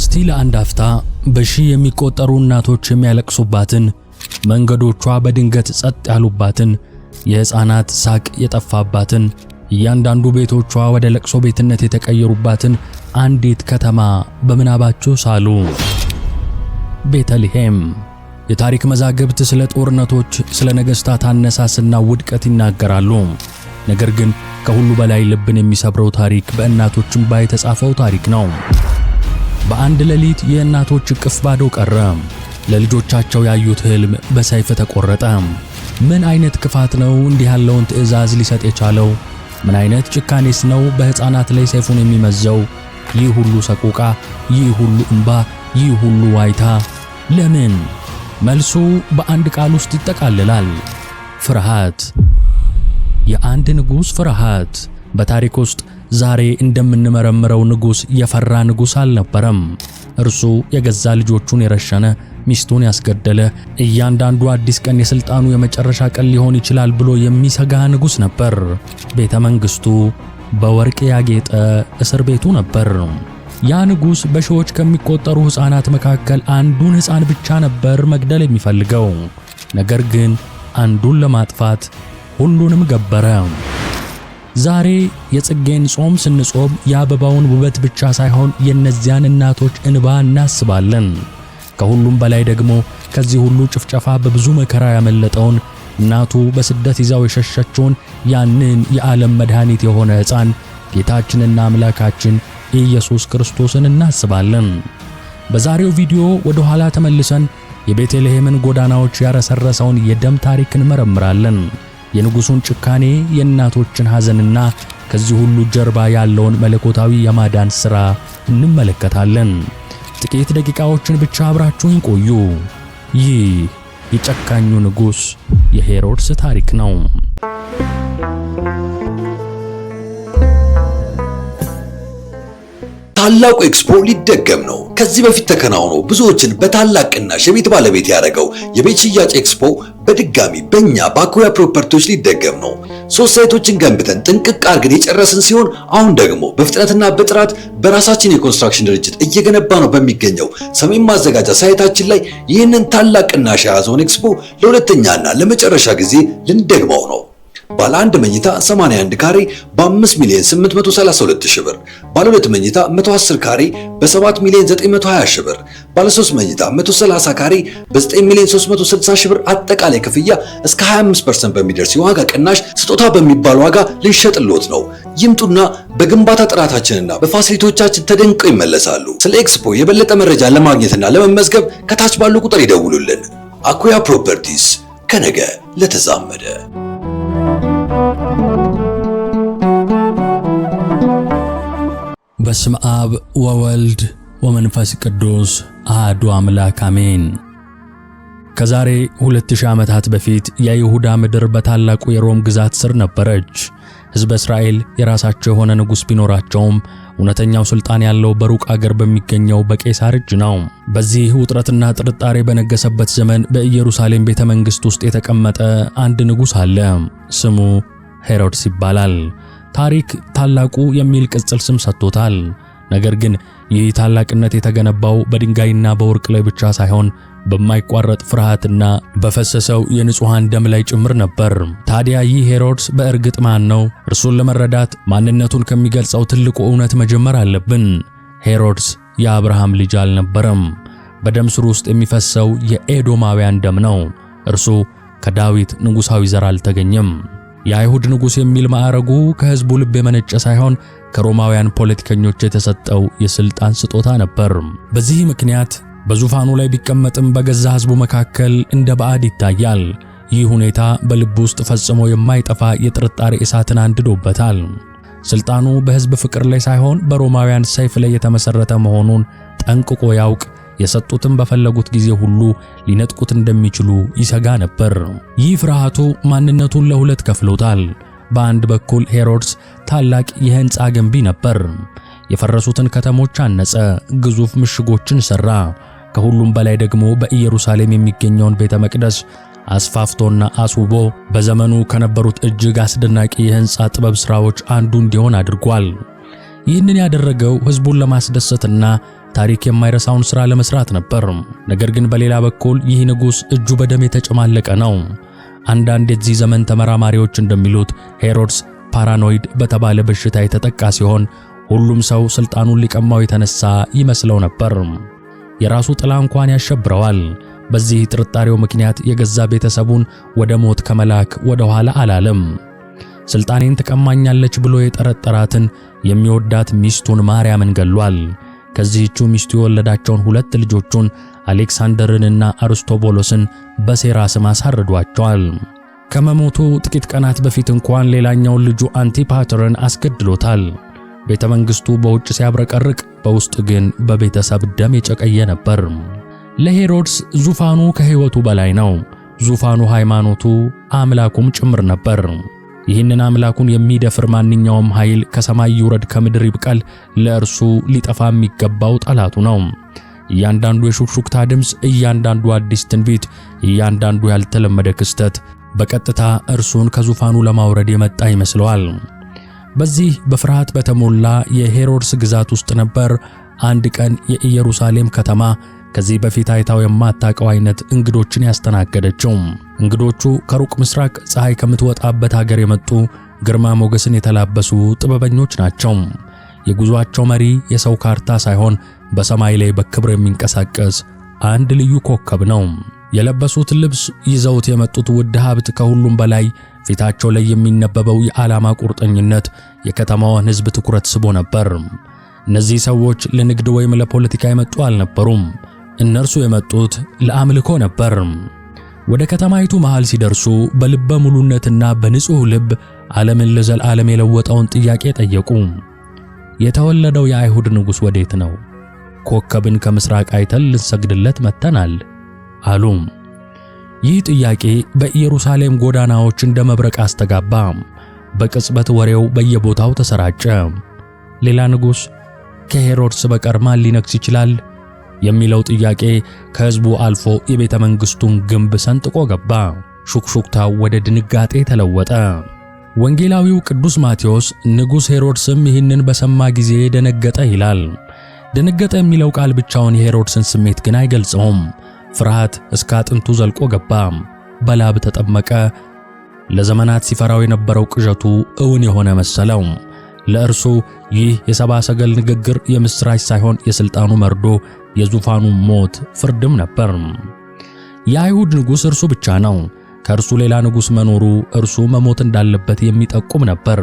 እስቲ ለአንድ አፍታ በሺህ የሚቆጠሩ እናቶች የሚያለቅሱባትን፣ መንገዶቿ በድንገት ጸጥ ያሉባትን፣ የሕፃናት ሳቅ የጠፋባትን፣ እያንዳንዱ ቤቶቿ ወደ ለቅሶ ቤትነት የተቀየሩባትን አንዲት ከተማ በምናባችሁ ሳሉ። ቤተልሔም። የታሪክ መዛግብት ስለ ጦርነቶች፣ ስለ ነገሥታት አነሳስና ውድቀት ይናገራሉ። ነገር ግን ከሁሉ በላይ ልብን የሚሰብረው ታሪክ በእናቶች እምባ የተጻፈው ታሪክ ነው። በአንድ ሌሊት የእናቶች እቅፍ ባዶ ቀረ። ለልጆቻቸው ያዩት ህልም በሰይፍ ተቆረጠ። ምን አይነት ክፋት ነው እንዲህ ያለውን ትዕዛዝ ሊሰጥ የቻለው? ምን አይነት ጭካኔስ ነው በሕፃናት ላይ ሰይፉን የሚመዘው? ይህ ሁሉ ሰቆቃ፣ ይህ ሁሉ እንባ፣ ይህ ሁሉ ዋይታ ለምን? መልሱ በአንድ ቃል ውስጥ ይጠቃልላል፤ ፍርሃት። የአንድ ንጉሥ ፍርሃት። በታሪክ ውስጥ ዛሬ እንደምንመረምረው ንጉሥ የፈራ ንጉሥ አልነበረም። እርሱ የገዛ ልጆቹን የረሸነ፣ ሚስቱን ያስገደለ፣ እያንዳንዱ አዲስ ቀን የሥልጣኑ የመጨረሻ ቀን ሊሆን ይችላል ብሎ የሚሰጋ ንጉሥ ነበር። ቤተ መንግሥቱ በወርቅ ያጌጠ እስር ቤቱ ነበር። ያ ንጉሥ በሺዎች ከሚቆጠሩ ሕፃናት መካከል አንዱን ሕፃን ብቻ ነበር መግደል የሚፈልገው። ነገር ግን አንዱን ለማጥፋት ሁሉንም ገበረ። ዛሬ የጽጌን ጾም ስንጾም የአበባውን ውበት ብቻ ሳይሆን የእነዚያን እናቶች እንባ እናስባለን። ከሁሉም በላይ ደግሞ ከዚህ ሁሉ ጭፍጨፋ በብዙ መከራ ያመለጠውን እናቱ በስደት ይዛው የሸሸችውን ያንን የዓለም መድኃኒት የሆነ ሕፃን ጌታችንና አምላካችን ኢየሱስ ክርስቶስን እናስባለን። በዛሬው ቪዲዮ ወደ ኋላ ተመልሰን የቤተልሔምን ጎዳናዎች ያረሰረሰውን የደም ታሪክ እንመረምራለን። የንጉሡን ጭካኔ፣ የእናቶችን ሐዘንና ከዚህ ሁሉ ጀርባ ያለውን መለኮታዊ የማዳን ሥራ እንመለከታለን። ጥቂት ደቂቃዎችን ብቻ አብራችሁን ቆዩ። ይህ የጨካኙ ንጉሥ የሄሮድስ ታሪክ ነው። ታላቁ ኤክስፖ ሊደገም ነው። ከዚህ በፊት ተከናውኖ ብዙዎችን በታላቅ ቅናሽ የቤት ባለቤት ያደረገው የቤት ሽያጭ ኤክስፖ በድጋሚ በእኛ በአኩያ ፕሮፐርቲዎች ሊደገም ነው። ሶስት ሳይቶችን ገንብተን ጥንቅቅ አድርገን የጨረስን ሲሆን አሁን ደግሞ በፍጥነትና በጥራት በራሳችን የኮንስትራክሽን ድርጅት እየገነባ ነው በሚገኘው ሰሜን ማዘጋጃ ሳይታችን ላይ ይህንን ታላቅ ቅናሽ የያዘውን ኤክስፖ ለሁለተኛና ለመጨረሻ ጊዜ ልንደግመው ነው። ባለ አንድ መኝታ 81 ካሬ በ5 ሚሊዮን 832 ሺህ ብር፣ ባለ ሁለት መኝታ 110 ካሬ በ7 ሚሊዮን 920 ሺህ ብር፣ ባለ 3 መኝታ 130 ካሬ በ9 ሚሊዮን 360 ሺህ ብር አጠቃላይ ክፍያ እስከ 25% በሚደርስ የዋጋ ቅናሽ ስጦታ በሚባል ዋጋ ልንሸጥልዎት ነው። ይምጡና በግንባታ ጥራታችንና በፋሲሊቶቻችን ተደንቀው ይመለሳሉ። ስለ ኤክስፖ የበለጠ መረጃ ለማግኘትና ለመመዝገብ ከታች ባለው ቁጥር ይደውሉልን። አኩያ ፕሮፐርቲስ ከነገ ለተዛመደ በስም አብ ወወልድ ወመንፈስ ቅዱስ አሐዱ አምላክ አሜን። ከዛሬ 2000 ዓመታት በፊት የይሁዳ ምድር በታላቁ የሮም ግዛት ስር ነበረች። ሕዝበ እስራኤል የራሳቸው የሆነ ንጉሥ ቢኖራቸውም እውነተኛው ሥልጣን ያለው በሩቅ አገር በሚገኘው በቄሳር እጅ ነው። በዚህ ውጥረትና ጥርጣሬ በነገሰበት ዘመን በኢየሩሳሌም ቤተ መንግሥት ውስጥ የተቀመጠ አንድ ንጉሥ አለ። ስሙ ሄሮድስ ይባላል። ታሪክ ታላቁ የሚል ቅጽል ስም ሰጥቶታል። ነገር ግን ይህ ታላቅነት የተገነባው በድንጋይና በወርቅ ላይ ብቻ ሳይሆን በማይቋረጥ ፍርሃትና በፈሰሰው የንጹሐን ደም ላይ ጭምር ነበር። ታዲያ ይህ ሄሮድስ በእርግጥ ማን ነው? እርሱን ለመረዳት ማንነቱን ከሚገልጸው ትልቁ እውነት መጀመር አለብን። ሄሮድስ የአብርሃም ልጅ አልነበረም። በደም ስር ውስጥ የሚፈሰው የኤዶማውያን ደም ነው። እርሱ ከዳዊት ንጉሣዊ ዘር አልተገኘም። የአይሁድ ንጉሥ የሚል ማዕረጉ ከሕዝቡ ልብ የመነጨ ሳይሆን ከሮማውያን ፖለቲከኞች የተሰጠው የሥልጣን ስጦታ ነበር። በዚህ ምክንያት በዙፋኑ ላይ ቢቀመጥም በገዛ ሕዝቡ መካከል እንደ ባዕድ ይታያል። ይህ ሁኔታ በልብ ውስጥ ፈጽሞ የማይጠፋ የጥርጣሬ እሳትን አንድዶበታል። ሥልጣኑ በሕዝብ ፍቅር ላይ ሳይሆን በሮማውያን ሰይፍ ላይ የተመሠረተ መሆኑን ጠንቅቆ ያውቅ የሰጡትን በፈለጉት ጊዜ ሁሉ ሊነጥቁት እንደሚችሉ ይሰጋ ነበር። ይህ ፍርሃቱ ማንነቱን ለሁለት ከፍሎታል። በአንድ በኩል ሄሮድስ ታላቅ የሕንፃ ገንቢ ነበር። የፈረሱትን ከተሞች አነጸ፣ ግዙፍ ምሽጎችን ሠራ። ከሁሉም በላይ ደግሞ በኢየሩሳሌም የሚገኘውን ቤተ መቅደስ አስፋፍቶና አስውቦ በዘመኑ ከነበሩት እጅግ አስደናቂ የሕንፃ ጥበብ ሥራዎች አንዱ እንዲሆን አድርጓል። ይህንን ያደረገው ሕዝቡን ለማስደሰትና ታሪክ የማይረሳውን ሥራ ለመስራት ነበር። ነገር ግን በሌላ በኩል ይህ ንጉሥ እጁ በደም የተጨማለቀ ነው። አንዳንድ የዚህ ዘመን ተመራማሪዎች እንደሚሉት ሄሮድስ ፓራኖይድ በተባለ በሽታ የተጠቃ ሲሆን ሁሉም ሰው ሥልጣኑን ሊቀማው የተነሳ ይመስለው ነበር። የራሱ ጥላ እንኳን ያሸብረዋል። በዚህ ጥርጣሬው ምክንያት የገዛ ቤተሰቡን ወደ ሞት ከመላክ ወደ ኋላ አላለም። ሥልጣኔን ትቀማኛለች ብሎ የጠረጠራትን የሚወዳት ሚስቱን ማርያምን ገሏል። ከዚህቹ ሚስቱ የወለዳቸውን ሁለት ልጆቹን አሌክሳንደርንና አርስቶቦሎስን በሴራ ስም አሳርዷቸዋል። ከመሞቱ ጥቂት ቀናት በፊት እንኳን ሌላኛውን ልጁ አንቲፓትርን አስገድሎታል። ቤተ መንግሥቱ በውጭ ሲያብረቀርቅ፣ በውስጥ ግን በቤተሰብ ደም የጨቀየ ነበር። ለሄሮድስ ዙፋኑ ከሕይወቱ በላይ ነው። ዙፋኑ ሃይማኖቱ አምላኩም ጭምር ነበር። ይህንን አምላኩን የሚደፍር ማንኛውም ኃይል ከሰማይ ይውረድ ከምድር ይብቀል፣ ለእርሱ ሊጠፋ የሚገባው ጠላቱ ነው። እያንዳንዱ የሹክሹክታ ድምፅ፣ እያንዳንዱ አዲስ ትንቢት፣ እያንዳንዱ ያልተለመደ ክስተት በቀጥታ እርሱን ከዙፋኑ ለማውረድ የመጣ ይመስለዋል። በዚህ በፍርሃት በተሞላ የሄሮድስ ግዛት ውስጥ ነበር አንድ ቀን የኢየሩሳሌም ከተማ ከዚህ በፊት አይታው የማታውቀው አይነት እንግዶችን ያስተናገደችው። እንግዶቹ ከሩቅ ምስራቅ ፀሐይ ከምትወጣበት ሀገር የመጡ ግርማ ሞገስን የተላበሱ ጥበበኞች ናቸው። የጉዟቸው መሪ የሰው ካርታ ሳይሆን በሰማይ ላይ በክብር የሚንቀሳቀስ አንድ ልዩ ኮከብ ነው። የለበሱት ልብስ፣ ይዘውት የመጡት ውድ ሀብት፣ ከሁሉም በላይ ፊታቸው ላይ የሚነበበው የዓላማ ቁርጠኝነት የከተማዋን ሕዝብ ትኩረት ስቦ ነበር። እነዚህ ሰዎች ለንግድ ወይም ለፖለቲካ የመጡ አልነበሩም። እነርሱ የመጡት ለአምልኮ ነበር። ወደ ከተማይቱ መሃል ሲደርሱ በልበ ሙሉነትና በንጹሕ ልብ ዓለምን ለዘላለም የለወጠውን ጥያቄ ጠየቁ። የተወለደው የአይሁድ ንጉሥ ወዴት ነው? ኮከብን ከምሥራቅ አይተን ልንሰግድለት መጥተናል አሉ። ይህ ጥያቄ በኢየሩሳሌም ጎዳናዎች እንደ መብረቅ አስተጋባ። በቅጽበት ወሬው በየቦታው ተሰራጨ። ሌላ ንጉሥ ከሄሮድስ በቀር ማን ሊነግሥ ይችላል? የሚለው ጥያቄ ከህዝቡ አልፎ የቤተ መንግስቱን ግንብ ሰንጥቆ ገባ። ሹክሹክታው ወደ ድንጋጤ ተለወጠ። ወንጌላዊው ቅዱስ ማቴዎስ ንጉሥ ሄሮድስም ይህንን በሰማ ጊዜ ደነገጠ ይላል። ደነገጠ የሚለው ቃል ብቻውን የሄሮድስን ስሜት ግን አይገልጸውም። ፍርሃት እስከ አጥንቱ ዘልቆ ገባ፣ በላብ ተጠመቀ። ለዘመናት ሲፈራው የነበረው ቅዠቱ እውን የሆነ መሰለው። ለእርሱ ይህ የሰባ ሰገል ንግግር የምሥራች ሳይሆን የሥልጣኑ መርዶ፣ የዙፋኑ ሞት፣ ፍርድም ነበር። የአይሁድ ንጉሥ እርሱ ብቻ ነው። ከእርሱ ሌላ ንጉሥ መኖሩ እርሱ መሞት እንዳለበት የሚጠቁም ነበር።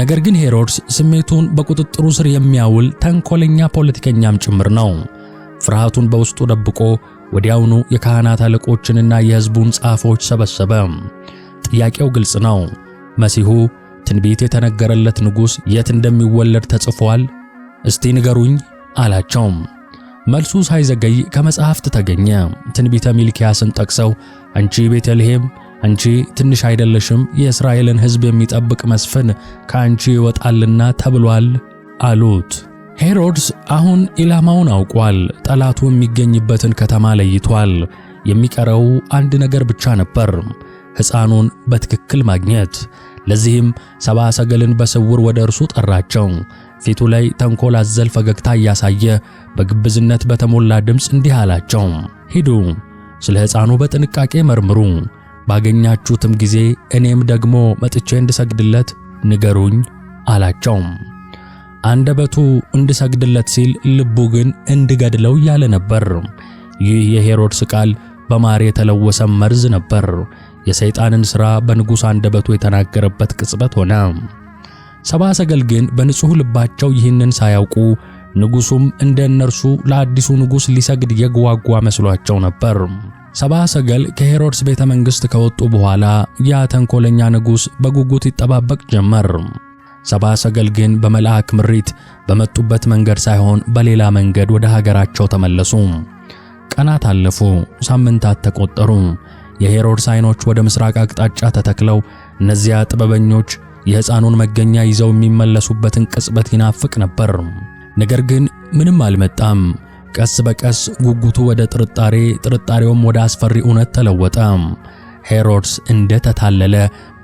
ነገር ግን ሄሮድስ ስሜቱን በቁጥጥሩ ስር የሚያውል ተንኮለኛ ፖለቲከኛም ጭምር ነው። ፍርሃቱን በውስጡ ደብቆ ወዲያውኑ የካህናት አለቆችንና የሕዝቡን ጻፎች ሰበሰበ። ጥያቄው ግልጽ ነው። መሲሁ ቤት የተነገረለት ንጉሥ የት እንደሚወለድ ተጽፏል? እስቲ ንገሩኝ አላቸው። መልሱ ሳይዘገይ ከመጽሐፍት ተገኘ። ትንቢተ ሚልኪያስን ጠቅሰው አንቺ ቤተልሔም አንቺ ትንሽ አይደለሽም፣ የእስራኤልን ሕዝብ የሚጠብቅ መስፍን ከአንቺ ይወጣልና ተብሏል አሉት። ሄሮድስ አሁን ኢላማውን አውቋል። ጠላቱ የሚገኝበትን ከተማ ለይቷል። የሚቀረው አንድ ነገር ብቻ ነበር፣ ሕፃኑን በትክክል ማግኘት። ለዚህም ሰባ ሰገልን በስውር ወደ እርሱ ጠራቸው። ፊቱ ላይ ተንኮል አዘል ፈገግታ እያሳየ በግብዝነት በተሞላ ድምፅ እንዲህ አላቸው፣ ሂዱ ስለ ሕፃኑ በጥንቃቄ መርምሩ፣ ባገኛችሁትም ጊዜ እኔም ደግሞ መጥቼ እንድሰግድለት ንገሩኝ አላቸው። አንደበቱ እንድሰግድለት ሲል፣ ልቡ ግን እንድገድለው እያለ ነበር። ይህ የሄሮድስ ቃል በማር የተለወሰ መርዝ ነበር። የሰይጣንን ሥራ በንጉሥ አንደበቱ የተናገረበት ቅጽበት ሆነ። ሰብአ ሰገል ግን በንጹሕ ልባቸው ይህንን ሳያውቁ ንጉሡም እንደ እነርሱ ለአዲሱ ንጉሥ ሊሰግድ የጓጓ መስሏቸው ነበር። ሰብአ ሰገል ከሄሮድስ ቤተ መንግሥት ከወጡ በኋላ ያ ተንኮለኛ ንጉሥ በጉጉት ይጠባበቅ ጀመር። ሰብአ ሰገል ግን በመልአክ ምሪት በመጡበት መንገድ ሳይሆን በሌላ መንገድ ወደ ሀገራቸው ተመለሱ። ቀናት አለፉ፣ ሳምንታት ተቆጠሩ። የሄሮድስ ዓይኖች ወደ ምስራቅ አቅጣጫ ተተክለው እነዚያ ጥበበኞች የሕፃኑን መገኛ ይዘው የሚመለሱበትን ቅጽበት ይናፍቅ ነበር። ነገር ግን ምንም አልመጣም። ቀስ በቀስ ጉጉቱ ወደ ጥርጣሬ፣ ጥርጣሬውም ወደ አስፈሪ እውነት ተለወጠ። ሄሮድስ እንደተታለለ፣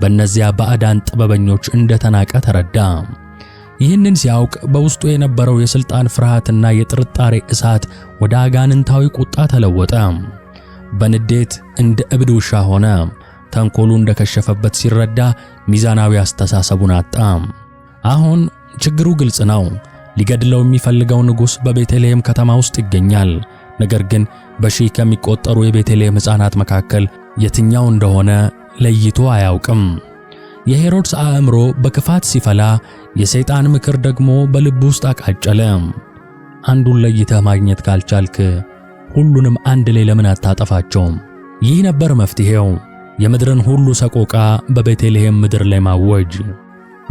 በእነዚያ ባዕዳን ጥበበኞች እንደተናቀ ተረዳ። ይህንን ሲያውቅ በውስጡ የነበረው የሥልጣን ፍርሃትና የጥርጣሬ እሳት ወደ አጋንንታዊ ቁጣ ተለወጠ። በንዴት እንደ እብድ ውሻ ሆነ። ተንኮሉ እንደከሸፈበት ሲረዳ ሚዛናዊ አስተሳሰቡን አጣ። አሁን ችግሩ ግልጽ ነው። ሊገድለው የሚፈልገው ንጉሥ በቤተልሔም ከተማ ውስጥ ይገኛል። ነገር ግን በሺህ ከሚቆጠሩ የቤተልሔም ሕፃናት መካከል የትኛው እንደሆነ ለይቶ አያውቅም። የሄሮድስ አእምሮ በክፋት ሲፈላ፣ የሰይጣን ምክር ደግሞ በልብ ውስጥ አቃጨለ። አንዱን ለይተህ ማግኘት ካልቻልክ ሁሉንም አንድ ላይ ለምን አታጠፋቸውም? ይህ ነበር መፍትሄው፣ የምድርን ሁሉ ሰቆቃ በቤተልሔም ምድር ላይ ማወጅ።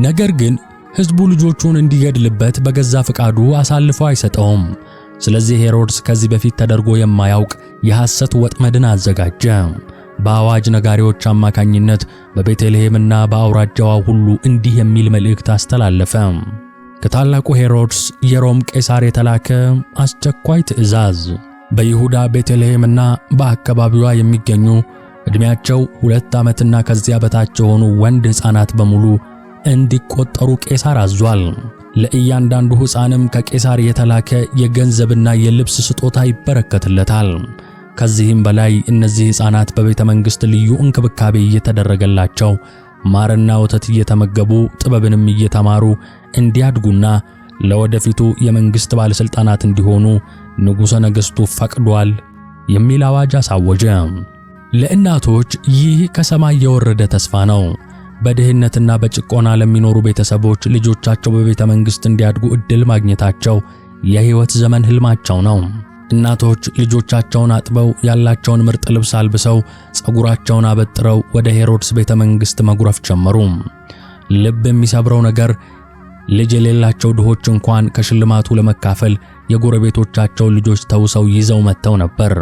ነገር ግን ሕዝቡ ልጆቹን እንዲገድልበት በገዛ ፈቃዱ አሳልፎ አይሰጠውም። ስለዚህ ሄሮድስ ከዚህ በፊት ተደርጎ የማያውቅ የሐሰት ወጥመድን አዘጋጀ። በአዋጅ ነጋሪዎች አማካኝነት በቤተልሔምና በአውራጃዋ ሁሉ እንዲህ የሚል መልእክት አስተላለፈ። ከታላቁ ሄሮድስ የሮም ቄሳር የተላከ አስቸኳይ ትእዛዝ በይሁዳ ቤተልሔምና በአካባቢዋ የሚገኙ ዕድሜያቸው ሁለት ዓመትና ከዚያ በታች የሆኑ ወንድ ሕፃናት በሙሉ እንዲቆጠሩ ቄሳር አዟል። ለእያንዳንዱ ሕፃንም ከቄሳር የተላከ የገንዘብና የልብስ ስጦታ ይበረከትለታል። ከዚህም በላይ እነዚህ ሕፃናት በቤተ መንግሥት ልዩ እንክብካቤ እየተደረገላቸው ማርና ወተት እየተመገቡ ጥበብንም እየተማሩ እንዲያድጉና ለወደፊቱ የመንግሥት ባለሥልጣናት እንዲሆኑ ንጉሠ ነገሥቱ ፈቅዷል የሚል አዋጅ አሳወጀ። ለእናቶች ይህ ከሰማይ የወረደ ተስፋ ነው። በድህነትና በጭቆና ለሚኖሩ ቤተሰቦች ልጆቻቸው በቤተ መንግሥት እንዲያድጉ ዕድል ማግኘታቸው የሕይወት ዘመን ሕልማቸው ነው። እናቶች ልጆቻቸውን አጥበው ያላቸውን ምርጥ ልብስ አልብሰው ፀጉራቸውን አበጥረው ወደ ሄሮድስ ቤተ መንግሥት መጉረፍ ጀመሩ። ልብ የሚሰብረው ነገር ልጅ የሌላቸው ድሆች እንኳን ከሽልማቱ ለመካፈል የጎረቤቶቻቸው ልጆች ተውሰው ይዘው መጥተው ነበር።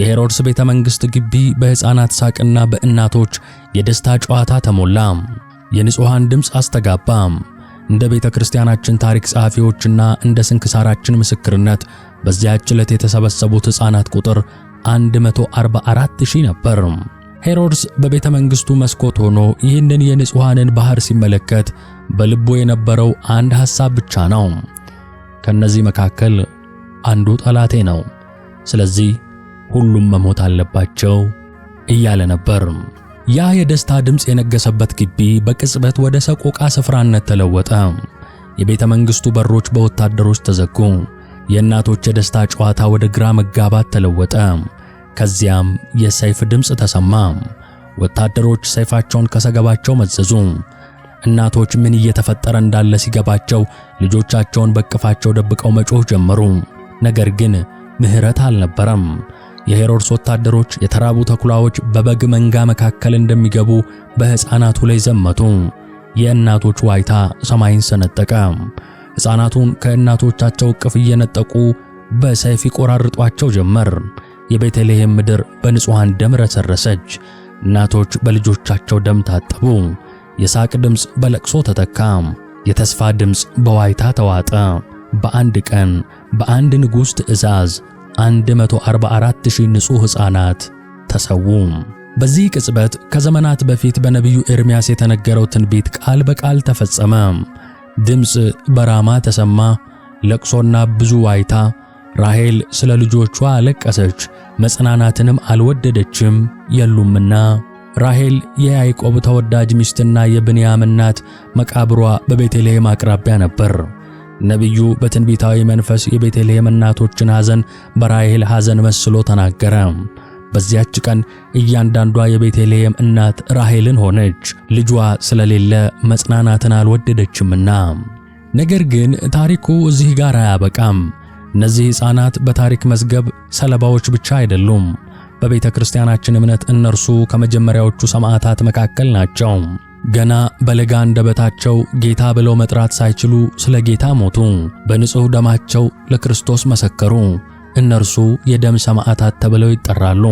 የሄሮድስ ቤተ መንግሥት ግቢ በሕፃናት ሳቅና በእናቶች የደስታ ጨዋታ ተሞላ። የንጹሐን ድምፅ አስተጋባ። እንደ ቤተ ክርስቲያናችን ታሪክ ጸሐፊዎችና እንደ ስንክሳራችን ምስክርነት በዚያች ዕለት የተሰበሰቡት ሕፃናት ቁጥር 144 ሺህ ነበር። ሄሮድስ በቤተ መንግሥቱ መስኮት ሆኖ ይህንን የንጹሐንን ባሕር ሲመለከት በልቡ የነበረው አንድ ሐሳብ ብቻ ነው። ከነዚህ መካከል አንዱ ጠላቴ ነው፣ ስለዚህ ሁሉም መሞት አለባቸው እያለ ነበር። ያ የደስታ ድምፅ የነገሰበት ግቢ በቅጽበት ወደ ሰቆቃ ስፍራነት ተለወጠ። የቤተ መንግሥቱ በሮች በወታደሮች ተዘጉ። የእናቶች የደስታ ጨዋታ ወደ ግራ መጋባት ተለወጠ። ከዚያም የሰይፍ ድምፅ ተሰማ። ወታደሮች ሰይፋቸውን ከሰገባቸው መዘዙ። እናቶች ምን እየተፈጠረ እንዳለ ሲገባቸው ልጆቻቸውን በቅፋቸው ደብቀው መጮህ ጀመሩ። ነገር ግን ምሕረት አልነበረም። የሄሮድስ ወታደሮች የተራቡ ተኩላዎች በበግ መንጋ መካከል እንደሚገቡ በሕፃናቱ ላይ ዘመቱ። የእናቶች ዋይታ ሰማይን ሰነጠቀ። ሕፃናቱን ከእናቶቻቸው እቅፍ እየነጠቁ በሰይፍ ይቆራርጧቸው ጀመር። የቤተልሔም ምድር በንጹሐን ደም ረሰረሰች። እናቶች በልጆቻቸው ደም ታጠቡ። የሳቅ ድምፅ በለቅሶ ተተካ። የተስፋ ድምፅ በዋይታ ተዋጠ። በአንድ ቀን በአንድ ንጉሥ ትእዛዝ 144000 ንጹሕ ሕፃናት ተሰዉ። በዚህ ቅጽበት ከዘመናት በፊት በነቢዩ ኤርምያስ የተነገረው ትንቢት ቃል በቃል ተፈጸመ። ድምፅ በራማ ተሰማ፣ ለቅሶና ብዙ ዋይታ ራሔል ስለ ልጆቿ አለቀሰች፣ መጽናናትንም አልወደደችም የሉምና። ራሔል የያዕቆብ ተወዳጅ ሚስትና የብንያም እናት መቃብሯ በቤተልሔም አቅራቢያ ነበር። ነቢዩ በትንቢታዊ መንፈስ የቤተልሔም እናቶችን ሐዘን በራሔል ሐዘን መስሎ ተናገረ። በዚያች ቀን እያንዳንዷ የቤተልሔም እናት ራሔልን ሆነች፣ ልጇ ስለሌለ መጽናናትን አልወደደችምና። ነገር ግን ታሪኩ እዚህ ጋር አያበቃም። እነዚህ ሕፃናት በታሪክ መዝገብ ሰለባዎች ብቻ አይደሉም። በቤተ ክርስቲያናችን እምነት እነርሱ ከመጀመሪያዎቹ ሰማዕታት መካከል ናቸው። ገና በለጋ አንደበታቸው ጌታ ብለው መጥራት ሳይችሉ ስለ ጌታ ሞቱ። በንጹሕ ደማቸው ለክርስቶስ መሰከሩ። እነርሱ የደም ሰማዕታት ተብለው ይጠራሉ።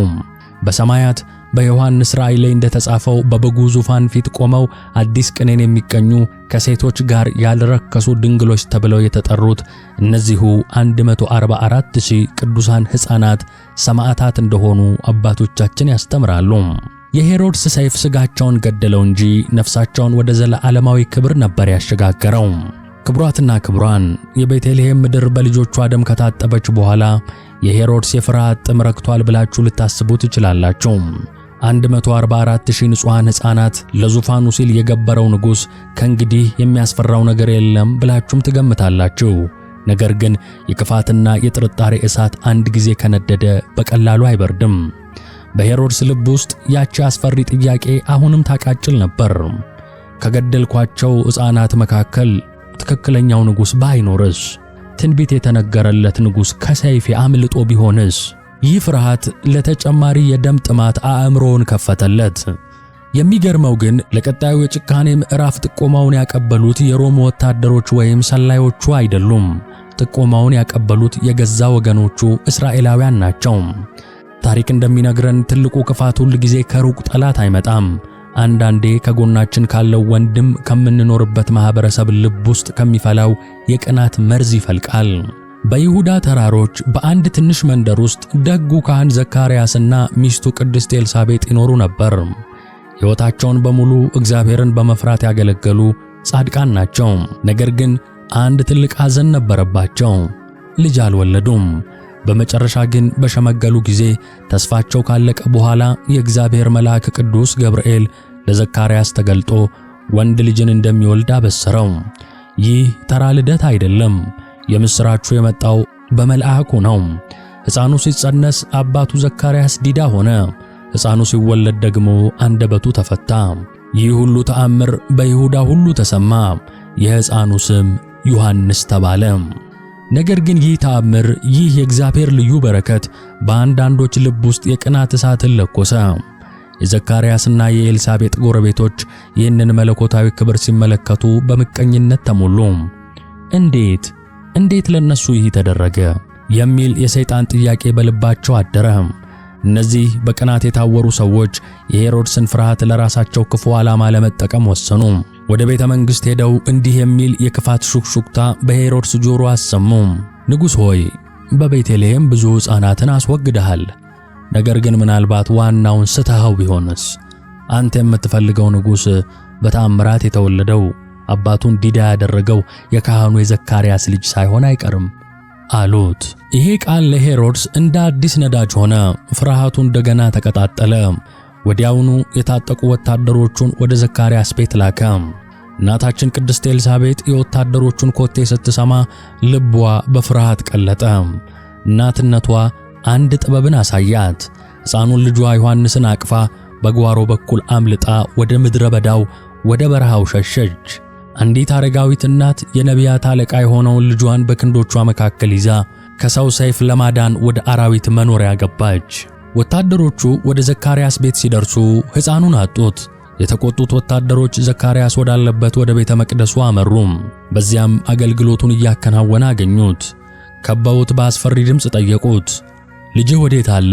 በሰማያት በዮሐንስ ራእይ ላይ እንደተጻፈው በበጉ ዙፋን ፊት ቆመው አዲስ ቅኔን የሚቀኙ ከሴቶች ጋር ያልረከሱ ድንግሎች ተብለው የተጠሩት እነዚሁ 144000 ቅዱሳን ሕፃናት ሰማዕታት እንደሆኑ አባቶቻችን ያስተምራሉ። የሄሮድስ ሰይፍ ሥጋቸውን ገደለው እንጂ ነፍሳቸውን ወደ ዘለዓለማዊ ክብር ነበር ያሸጋገረው። ክቡራትና ክቡራን፣ የቤተልሔም ምድር በልጆቿ ደም ከታጠበች በኋላ የሄሮድስ የፍርሃት ጥም ረክቷል ብላችሁ ልታስቡ ትችላላችሁ። 144 ሺህ ንጹሐን ሕፃናት ለዙፋኑ ሲል የገበረው ንጉሥ ከእንግዲህ የሚያስፈራው ነገር የለም ብላችሁም ትገምታላችሁ። ነገር ግን የክፋትና የጥርጣሬ እሳት አንድ ጊዜ ከነደደ በቀላሉ አይበርድም። በሄሮድስ ልብ ውስጥ ያቺ አስፈሪ ጥያቄ አሁንም ታቃጭል ነበር። ከገደልኳቸው ሕፃናት መካከል ትክክለኛው ንጉሥ ባይኖርስ? ትንቢት የተነገረለት ንጉሥ ከሰይፌ አምልጦ ቢሆንስ? ይህ ፍርሃት ለተጨማሪ የደም ጥማት አእምሮውን ከፈተለት። የሚገርመው ግን ለቀጣዩ የጭካኔ ምዕራፍ ጥቆማውን ያቀበሉት የሮም ወታደሮች ወይም ሰላዮቹ አይደሉም። ጥቆማውን ያቀበሉት የገዛ ወገኖቹ እስራኤላውያን ናቸው። ታሪክ እንደሚነግረን ትልቁ ክፋት ሁል ጊዜ ከሩቅ ጠላት አይመጣም። አንዳንዴ ከጎናችን ካለው ወንድም፣ ከምንኖርበት ማህበረሰብ ልብ ውስጥ ከሚፈላው የቅናት መርዝ ይፈልቃል። በይሁዳ ተራሮች በአንድ ትንሽ መንደር ውስጥ ደጉ ካህን ዘካርያስና ሚስቱ ቅድስት ኤልሳቤጥ ይኖሩ ነበር። ሕይወታቸውን በሙሉ እግዚአብሔርን በመፍራት ያገለገሉ ጻድቃን ናቸው። ነገር ግን አንድ ትልቅ ሐዘን ነበረባቸው፤ ልጅ አልወለዱም። በመጨረሻ ግን በሸመገሉ ጊዜ ተስፋቸው ካለቀ በኋላ የእግዚአብሔር መልአክ ቅዱስ ገብርኤል ለዘካርያስ ተገልጦ ወንድ ልጅን እንደሚወልድ አበሰረው። ይህ ተራ ልደት አይደለም፤ የምሥራቹ የመጣው በመልአኩ ነው። ሕፃኑ ሲጸነስ አባቱ ዘካርያስ ዲዳ ሆነ። ሕፃኑ ሲወለድ ደግሞ አንደበቱ ተፈታ። ይህ ሁሉ ተአምር በይሁዳ ሁሉ ተሰማ። የሕፃኑ ስም ዮሐንስ ተባለ። ነገር ግን ይህ ተአምር፣ ይህ የእግዚአብሔር ልዩ በረከት በአንዳንዶች ልብ ውስጥ የቅናት እሳትን ለኮሰ። የዘካርያስና የኤልሳቤጥ ጎረቤቶች ይህንን መለኮታዊ ክብር ሲመለከቱ በምቀኝነት ተሞሉ። እንዴት እንዴት ለነሱ ይህ ተደረገ የሚል የሰይጣን ጥያቄ በልባቸው አደረ። እነዚህ በቅናት የታወሩ ሰዎች የሄሮድስን ፍርሃት ለራሳቸው ክፉ ዓላማ ለመጠቀም ወሰኑ። ወደ ቤተ መንግሥት ሄደው እንዲህ የሚል የክፋት ሹክሹክታ በሄሮድስ ጆሮ አሰሙ። ንጉሥ ሆይ በቤተልሔም ብዙ ሕፃናትን አስወግደሃል። ነገር ግን ምናልባት ዋናውን ስተኸው ቢሆንስ? አንተ የምትፈልገው ንጉሥ በታምራት የተወለደው አባቱን ዲዳ ያደረገው የካህኑ የዘካርያስ ልጅ ሳይሆን አይቀርም አሉት። ይሄ ቃል ለሄሮድስ እንደ አዲስ ነዳጅ ሆነ። ፍርሃቱ እንደገና ተቀጣጠለ። ወዲያውኑ የታጠቁ ወታደሮቹን ወደ ዘካርያስ ቤት ላከ። እናታችን ቅድስት ኤልሳቤጥ የወታደሮቹን ኮቴ ስትሰማ ልቧ በፍርሃት ቀለጠ። እናትነቷ አንድ ጥበብን አሳያት። ሕፃኑን ልጇ ዮሐንስን አቅፋ በጓሮ በኩል አምልጣ ወደ ምድረ በዳው ወደ በረሃው ሸሸች። አንዲት አረጋዊት እናት የነቢያት አለቃ የሆነውን ልጇን በክንዶቿ መካከል ይዛ ከሰው ሰይፍ ለማዳን ወደ አራዊት መኖሪያ ገባች። ወታደሮቹ ወደ ዘካርያስ ቤት ሲደርሱ ሕፃኑን አጡት። የተቆጡት ወታደሮች ዘካርያስ ወዳለበት ወደ ቤተ መቅደሱ አመሩም። በዚያም አገልግሎቱን እያከናወነ አገኙት። ከበውት በአስፈሪ ድምፅ ጠየቁት። ልጅህ ወዴት አለ?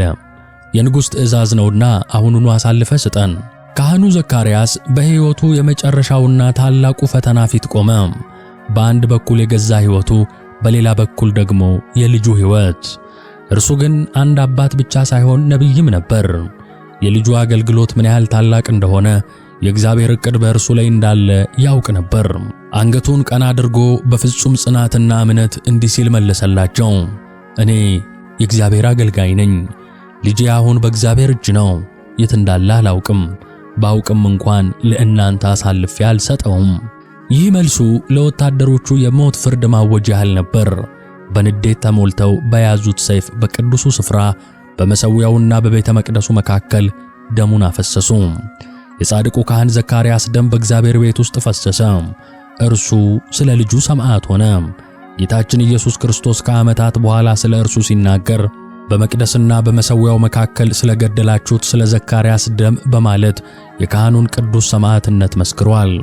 የንጉሥ ትእዛዝ ነውና አሁኑኑ አሳልፈ ስጠን ካህኑ ዘካርያስ በሕይወቱ የመጨረሻውና ታላቁ ፈተና ፊት ቆመ። በአንድ በኩል የገዛ ሕይወቱ፣ በሌላ በኩል ደግሞ የልጁ ሕይወት። እርሱ ግን አንድ አባት ብቻ ሳይሆን ነቢይም ነበር። የልጁ አገልግሎት ምን ያህል ታላቅ እንደሆነ፣ የእግዚአብሔር ዕቅድ በእርሱ ላይ እንዳለ ያውቅ ነበር። አንገቱን ቀና አድርጎ በፍጹም ጽናትና እምነት እንዲህ ሲል መለሰላቸው፣ እኔ የእግዚአብሔር አገልጋይ ነኝ። ልጄ አሁን በእግዚአብሔር እጅ ነው። የት እንዳለ አላውቅም ባውቅም እንኳን ለእናንተ አሳልፌ አልሰጠውም። ይህ መልሱ ለወታደሮቹ የሞት ፍርድ ማወጅ ያህል ነበር። በንዴት ተሞልተው በያዙት ሰይፍ በቅዱሱ ስፍራ በመሠዊያውና በቤተ መቅደሱ መካከል ደሙን አፈሰሱ። የጻድቁ ካህን ዘካርያስ ደም በእግዚአብሔር ቤት ውስጥ ፈሰሰ። እርሱ ስለ ልጁ ሰማዕት ሆነ። ጌታችን ኢየሱስ ክርስቶስ ከዓመታት በኋላ ስለ እርሱ ሲናገር በመቅደስና በመሠዊያው መካከል ስለገደላችሁት ስለ ዘካርያስ ደም በማለት የካህኑን ቅዱስ ሰማዕትነት መስክሯል።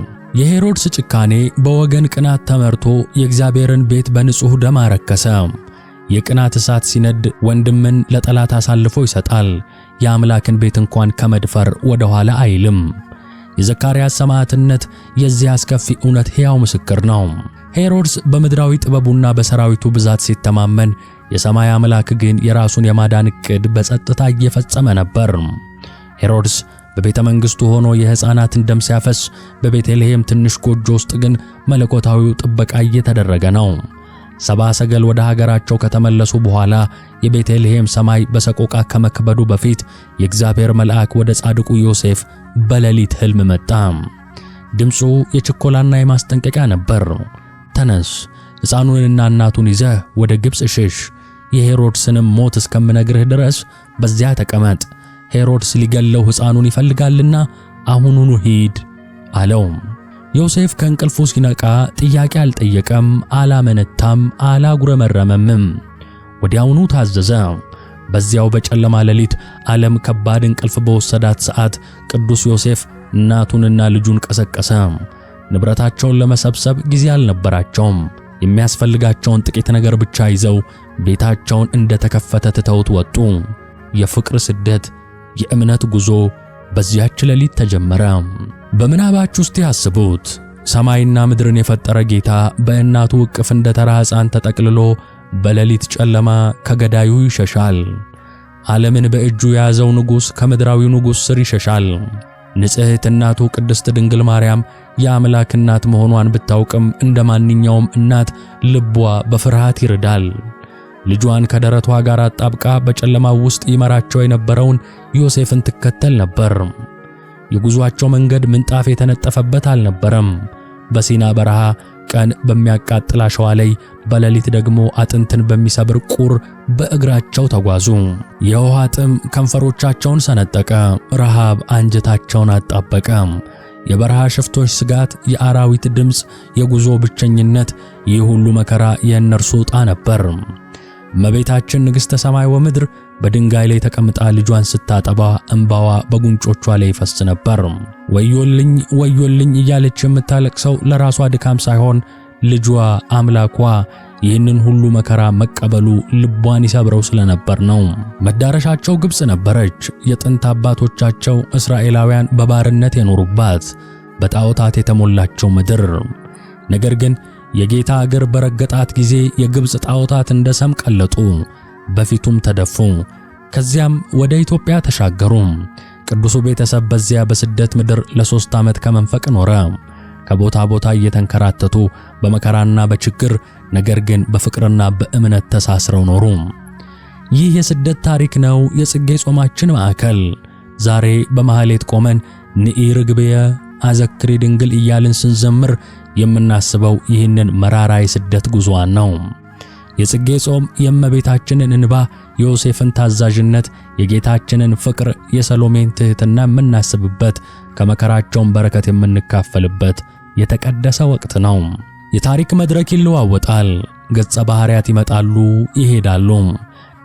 የሄሮድስ ጭካኔ በወገን ቅናት ተመርቶ የእግዚአብሔርን ቤት በንጹሕ ደም አረከሰ። የቅናት እሳት ሲነድ ወንድምን ለጠላት አሳልፎ ይሰጣል። የአምላክን ቤት እንኳን ከመድፈር ወደ ኋላ አይልም። የዘካርያስ ሰማዕትነት የዚህ አስከፊ እውነት ሕያው ምስክር ነው። ሄሮድስ በምድራዊ ጥበቡና በሰራዊቱ ብዛት ሲተማመን የሰማይ አምላክ ግን የራሱን የማዳን ዕቅድ በጸጥታ እየፈጸመ ነበር። ሄሮድስ በቤተ መንግሥቱ ሆኖ የሕፃናትን ደም ሲያፈስ፣ በቤተልሔም ትንሽ ጎጆ ውስጥ ግን መለኮታዊው ጥበቃ እየተደረገ ነው። ሰባ ሰገል ወደ ሀገራቸው ከተመለሱ በኋላ የቤተልሔም ሰማይ በሰቆቃ ከመክበዱ በፊት የእግዚአብሔር መልአክ ወደ ጻድቁ ዮሴፍ በሌሊት ሕልም መጣ። ድምፁ የችኮላና የማስጠንቀቂያ ነበር። ተነስ፣ ሕፃኑንና እናቱን ይዘህ ወደ ግብፅ ሽሽ የሄሮድስንም ሞት እስከምነግርህ ድረስ በዚያ ተቀመጥ፣ ሄሮድስ ሊገለው ሕፃኑን ይፈልጋልና አሁኑኑ ሂድ አለው። ዮሴፍ ከእንቅልፉ ሲነቃ ጥያቄ አልጠየቀም፣ አላመነታም፣ አላጉረመረመምም። ወዲያውኑ ታዘዘ። በዚያው በጨለማ ሌሊት ዓለም ከባድ እንቅልፍ በወሰዳት ሰዓት ቅዱስ ዮሴፍ እናቱንና ልጁን ቀሰቀሰ። ንብረታቸውን ለመሰብሰብ ጊዜ አልነበራቸውም። የሚያስፈልጋቸውን ጥቂት ነገር ብቻ ይዘው ቤታቸውን እንደተከፈተ ትተውት ወጡ። የፍቅር ስደት፣ የእምነት ጉዞ በዚያች ሌሊት ተጀመረ። በምናባች ውስጥ ያስቡት ሰማይና ምድርን የፈጠረ ጌታ በእናቱ እቅፍ እንደ ተራ ሕፃን ተጠቅልሎ በሌሊት ጨለማ ከገዳዩ ይሸሻል። ዓለምን በእጁ የያዘው ንጉሥ ከምድራዊው ንጉሥ ስር ይሸሻል። ንጽሕት እናቱ ቅድስት ድንግል ማርያም የአምላክ እናት መሆኗን ብታውቅም እንደ ማንኛውም እናት ልቧ በፍርሃት ይርዳል። ልጇን ከደረቷ ጋር አጣብቃ በጨለማው ውስጥ ይመራቸው የነበረውን ዮሴፍን ትከተል ነበር። የጉዟቸው መንገድ ምንጣፍ የተነጠፈበት አልነበረም። በሲና በረሃ ቀን በሚያቃጥል አሸዋ ላይ፣ በሌሊት ደግሞ አጥንትን በሚሰብር ቁር በእግራቸው ተጓዙ። የውሃ ጥም ከንፈሮቻቸውን ሰነጠቀ፣ ረሃብ አንጀታቸውን አጣበቀ። የበረሃ ሽፍቶች ስጋት፣ የአራዊት ድምፅ፣ የጉዞ ብቸኝነት፣ ይህ ሁሉ መከራ የእነርሱ ዕጣ ነበር። እመቤታችን ንግሥተ ሰማይ ወምድር በድንጋይ ላይ ተቀምጣ ልጇን ስታጠባ እንባዋ በጉንጮቿ ላይ ይፈስ ነበር። ወዮልኝ ወዮልኝ እያለች የምታለቅሰው ለራሷ ድካም ሳይሆን ልጇ አምላኳ ይህንን ሁሉ መከራ መቀበሉ ልቧን ይሰብረው ስለነበር ነው። መዳረሻቸው ግብፅ ነበረች፣ የጥንት አባቶቻቸው እስራኤላውያን በባርነት የኖሩባት በጣዖታት የተሞላቸው ምድር። ነገር ግን የጌታ እግር በረገጣት ጊዜ የግብፅ ጣዖታት እንደ ሰም ቀለጡ፣ በፊቱም ተደፉ። ከዚያም ወደ ኢትዮጵያ ተሻገሩ። ቅዱሱ ቤተሰብ በዚያ በስደት ምድር ለሦስት ዓመት ከመንፈቅ ኖረ። ከቦታ ቦታ እየተንከራተቱ በመከራና በችግር ነገር ግን በፍቅርና በእምነት ተሳስረው ኖሩ። ይህ የስደት ታሪክ ነው፣ የጽጌ ጾማችን ማዕከል። ዛሬ በማኅሌት ቆመን ንኢ ርግብየ አዘክሪ ድንግል እያልን ስንዘምር የምናስበው ይህንን መራራ የስደት ጉዞዋን ነው። የጽጌ ጾም የእመቤታችንን እንባ፣ ዮሴፍን ታዛዥነት፣ የጌታችንን ፍቅር፣ የሰሎሜን ትሕትና የምናስብበት ከመከራቸውን በረከት የምንካፈልበት የተቀደሰ ወቅት ነው። የታሪክ መድረክ ይለዋወጣል፣ ገጸ ባህሪያት ይመጣሉ ይሄዳሉ።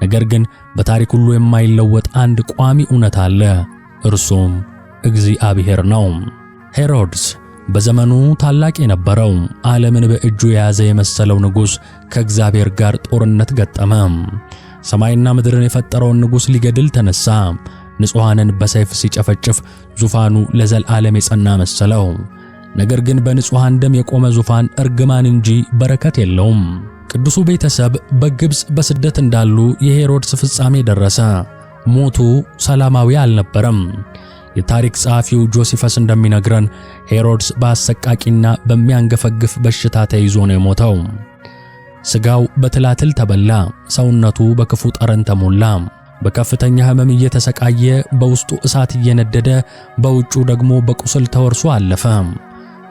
ነገር ግን በታሪክ ሁሉ የማይለወጥ አንድ ቋሚ እውነት አለ፤ እርሱም እግዚአብሔር ነው። ሄሮድስ በዘመኑ ታላቅ የነበረው ዓለምን በእጁ የያዘ የመሰለው ንጉሥ ከእግዚአብሔር ጋር ጦርነት ገጠመ። ሰማይና ምድርን የፈጠረውን ንጉሥ ሊገድል ተነሳ። ንጹሐንን በሰይፍ ሲጨፈጭፍ ዙፋኑ ለዘላለም የጸና መሰለው። ነገር ግን በንጹሐን ደም የቆመ ዙፋን እርግማን እንጂ በረከት የለውም። ቅዱሱ ቤተሰብ በግብፅ በስደት እንዳሉ የሄሮድስ ፍጻሜ ደረሰ። ሞቱ ሰላማዊ አልነበረም። የታሪክ ጸሐፊው ጆሲፈስ እንደሚነግረን ሄሮድስ በአሰቃቂና በሚያንገፈግፍ በሽታ ተይዞ ነው የሞተው። ሥጋው በትላትል ተበላ፣ ሰውነቱ በክፉ ጠረን ተሞላ። በከፍተኛ ሕመም እየተሰቃየ በውስጡ እሳት እየነደደ በውጩ ደግሞ በቁስል ተወርሶ አለፈ።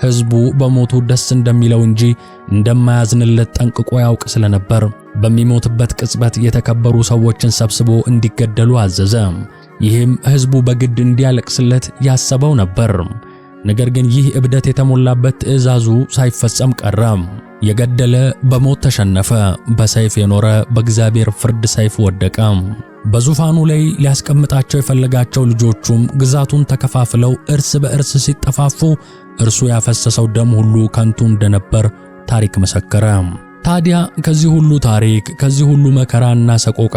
ሕዝቡ በሞቱ ደስ እንደሚለው እንጂ እንደማያዝንለት ጠንቅቆ ያውቅ ስለነበር በሚሞትበት ቅጽበት የተከበሩ ሰዎችን ሰብስቦ እንዲገደሉ አዘዘ። ይህም ሕዝቡ በግድ እንዲያለቅስለት ያሰበው ነበር። ነገር ግን ይህ እብደት የተሞላበት ትዕዛዙ ሳይፈጸም ቀረ። የገደለ በሞት ተሸነፈ፣ በሰይፍ የኖረ በእግዚአብሔር ፍርድ ሰይፍ ወደቀ። በዙፋኑ ላይ ሊያስቀምጣቸው የፈለጋቸው ልጆቹም ግዛቱን ተከፋፍለው እርስ በእርስ ሲጠፋፉ እርሱ ያፈሰሰው ደም ሁሉ ከንቱ እንደነበር ታሪክ መሰከረ። ታዲያ ከዚህ ሁሉ ታሪክ፣ ከዚህ ሁሉ መከራና ሰቆቃ፣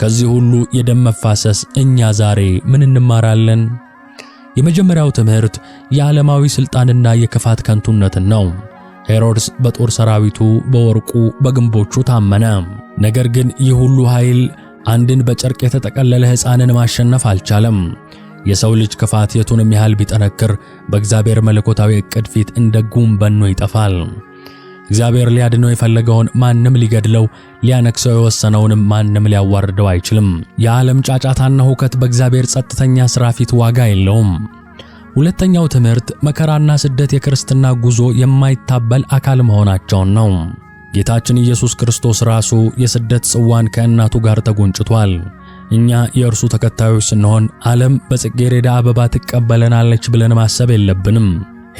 ከዚህ ሁሉ የደም መፋሰስ እኛ ዛሬ ምን እንማራለን? የመጀመሪያው ትምህርት የዓለማዊ ሥልጣንና የክፋት ከንቱነትን ነው። ሄሮድስ በጦር ሰራዊቱ፣ በወርቁ፣ በግንቦቹ ታመነ። ነገር ግን ይህ ሁሉ ኃይል አንድን በጨርቅ የተጠቀለለ ሕፃንን ማሸነፍ አልቻለም። የሰው ልጅ ክፋት የቱንም ያህል ቢጠነክር በእግዚአብሔር መለኮታዊ ዕቅድ ፊት እንደ ጉም በኖ ይጠፋል። እግዚአብሔር ሊያድነው የፈለገውን ማንም ሊገድለው፣ ሊያነክሰው የወሰነውንም ማንም ሊያዋርደው አይችልም። የዓለም ጫጫታና ሁከት በእግዚአብሔር ጸጥተኛ ሥራ ፊት ዋጋ የለውም። ሁለተኛው ትምህርት መከራና ስደት የክርስትና ጉዞ የማይታበል አካል መሆናቸውን ነው። ጌታችን ኢየሱስ ክርስቶስ ራሱ የስደት ጽዋን ከእናቱ ጋር ተጎንጭቷል። እኛ የእርሱ ተከታዮች ስንሆን ዓለም በጽጌረዳ አበባ ትቀበለናለች ብለን ማሰብ የለብንም።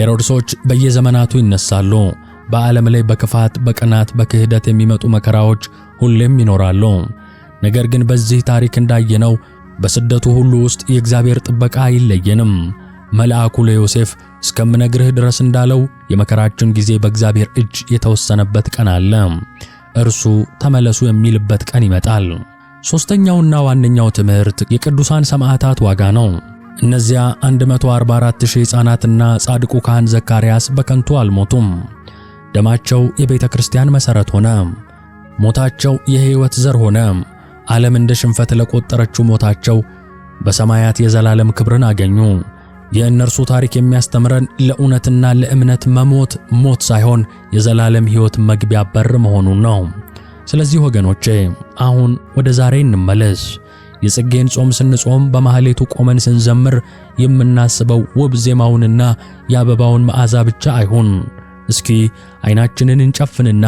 ሄሮድሶች በየዘመናቱ ይነሳሉ። በዓለም ላይ በክፋት፣ በቅናት፣ በክህደት የሚመጡ መከራዎች ሁሌም ይኖራሉ። ነገር ግን በዚህ ታሪክ እንዳየነው በስደቱ ሁሉ ውስጥ የእግዚአብሔር ጥበቃ አይለየንም። መልአኩ ለዮሴፍ እስከምነግርህ ድረስ እንዳለው የመከራችን ጊዜ በእግዚአብሔር እጅ የተወሰነበት ቀን አለ፣ እርሱ ተመለሱ የሚልበት ቀን ይመጣል። ሦስተኛውና ዋነኛው ትምህርት የቅዱሳን ሰማዕታት ዋጋ ነው። እነዚያ 144,000 ሕፃናትና ጻድቁ ካህን ዘካርያስ በከንቱ አልሞቱም። ደማቸው የቤተ ክርስቲያን መሠረት ሆነ። ሞታቸው የሕይወት ዘር ሆነ። ዓለም እንደ ሽንፈት ለቆጠረችው ሞታቸው በሰማያት የዘላለም ክብርን አገኙ። የእነርሱ ታሪክ የሚያስተምረን ለእውነትና ለእምነት መሞት ሞት ሳይሆን የዘላለም ሕይወት መግቢያ በር መሆኑን ነው። ስለዚህ ወገኖቼ አሁን ወደ ዛሬ እንመለስ። የጽጌን ጾም ስንጾም በማህሌቱ ቆመን ስንዘምር የምናስበው ውብ ዜማውንና የአበባውን መዓዛ ብቻ አይሁን። እስኪ ዓይናችንን እንጨፍንና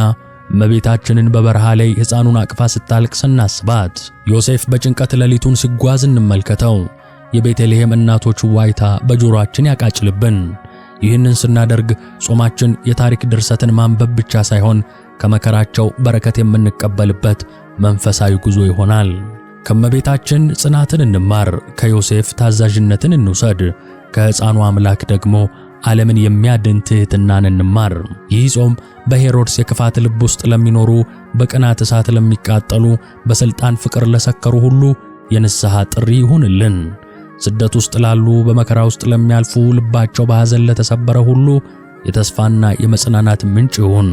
እመቤታችንን በበረሃ ላይ ሕፃኑን አቅፋ ስታልቅስ እናስባት። ዮሴፍ በጭንቀት ሌሊቱን ሲጓዝ እንመልከተው። የቤተልሔም እናቶች ዋይታ በጆሮአችን ያቃጭልብን። ይህንን ስናደርግ ጾማችን የታሪክ ድርሰትን ማንበብ ብቻ ሳይሆን ከመከራቸው በረከት የምንቀበልበት መንፈሳዊ ጉዞ ይሆናል። ከእመቤታችን ጽናትን እንማር፣ ከዮሴፍ ታዛዥነትን እንውሰድ፣ ከሕፃኑ አምላክ ደግሞ ዓለምን የሚያድን ትሕትናን እንማር። ይህ ጾም በሄሮድስ የክፋት ልብ ውስጥ ለሚኖሩ፣ በቅናት እሳት ለሚቃጠሉ፣ በሥልጣን ፍቅር ለሰከሩ ሁሉ የንስሐ ጥሪ ይሁንልን። ስደት ውስጥ ላሉ፣ በመከራ ውስጥ ለሚያልፉ፣ ልባቸው በሐዘን ለተሰበረ ሁሉ የተስፋና የመጽናናት ምንጭ ይሁን።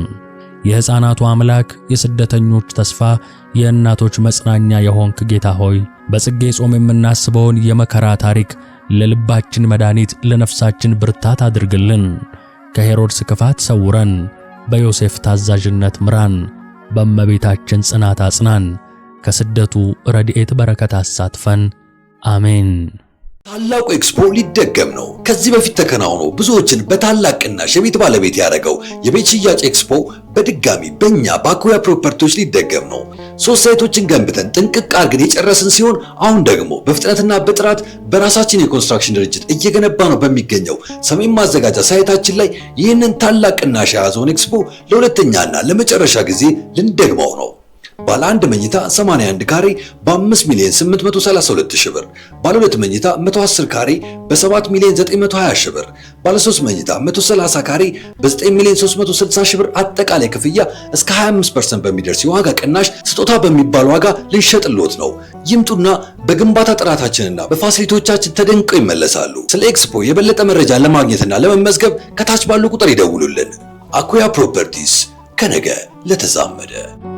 የሕፃናቱ አምላክ፣ የስደተኞች ተስፋ፣ የእናቶች መጽናኛ የሆንክ ጌታ ሆይ በጽጌ ጾም የምናስበውን የመከራ ታሪክ ለልባችን መድኃኒት፣ ለነፍሳችን ብርታት አድርግልን። ከሄሮድስ ክፋት ሰውረን። በዮሴፍ ታዛዥነት ምራን። በእመቤታችን ጽናት አጽናን። ከስደቱ ረድኤት በረከት አሳትፈን። አሜን። ታላቁ ኤክስፖ ሊደገም ነው። ከዚህ በፊት ተከናውኖ ብዙዎችን በታላቅ ቅናሽ የቤት ባለቤት ያደረገው የቤት ሽያጭ ኤክስፖ በድጋሚ በእኛ በአኩያ ፕሮፐርቲዎች ሊደገም ነው። ሶስት ሳይቶችን ገንብተን ጥንቅቅ አድርገን የጨረስን ሲሆን አሁን ደግሞ በፍጥነትና በጥራት በራሳችን የኮንስትራክሽን ድርጅት እየገነባ ነው በሚገኘው ሰሜን ማዘጋጃ ሳይታችን ላይ ይህንን ታላቅ ቅናሽ የያዘውን ኤክስፖ ለሁለተኛና ለመጨረሻ ጊዜ ልንደግመው ነው። ባለ አንድ መኝታ 81 ካሬ በ5 ሚሊዮን 832 ሺህ ብር፣ ባለ ሁለት መኝታ 110 ካሬ በ7 ሚሊዮን 920 ሺህ ብር፣ ባለ 3 መኝታ 130 ካሬ በ9 ሚሊዮን 360 ሺህ ብር አጠቃላይ ክፍያ እስከ 25% በሚደርስ የዋጋ ቅናሽ ስጦታ በሚባል ዋጋ ልንሸጥልዎት ነው። ይምጡና በግንባታ ጥራታችንና በፋሲሊቶቻችን ተደንቀው ይመለሳሉ። ስለ ኤክስፖ የበለጠ መረጃ ለማግኘትና ለመመዝገብ ከታች ባለው ቁጥር ይደውሉልን። አኩያ ፕሮፐርቲስ ከነገ ለተዛመደ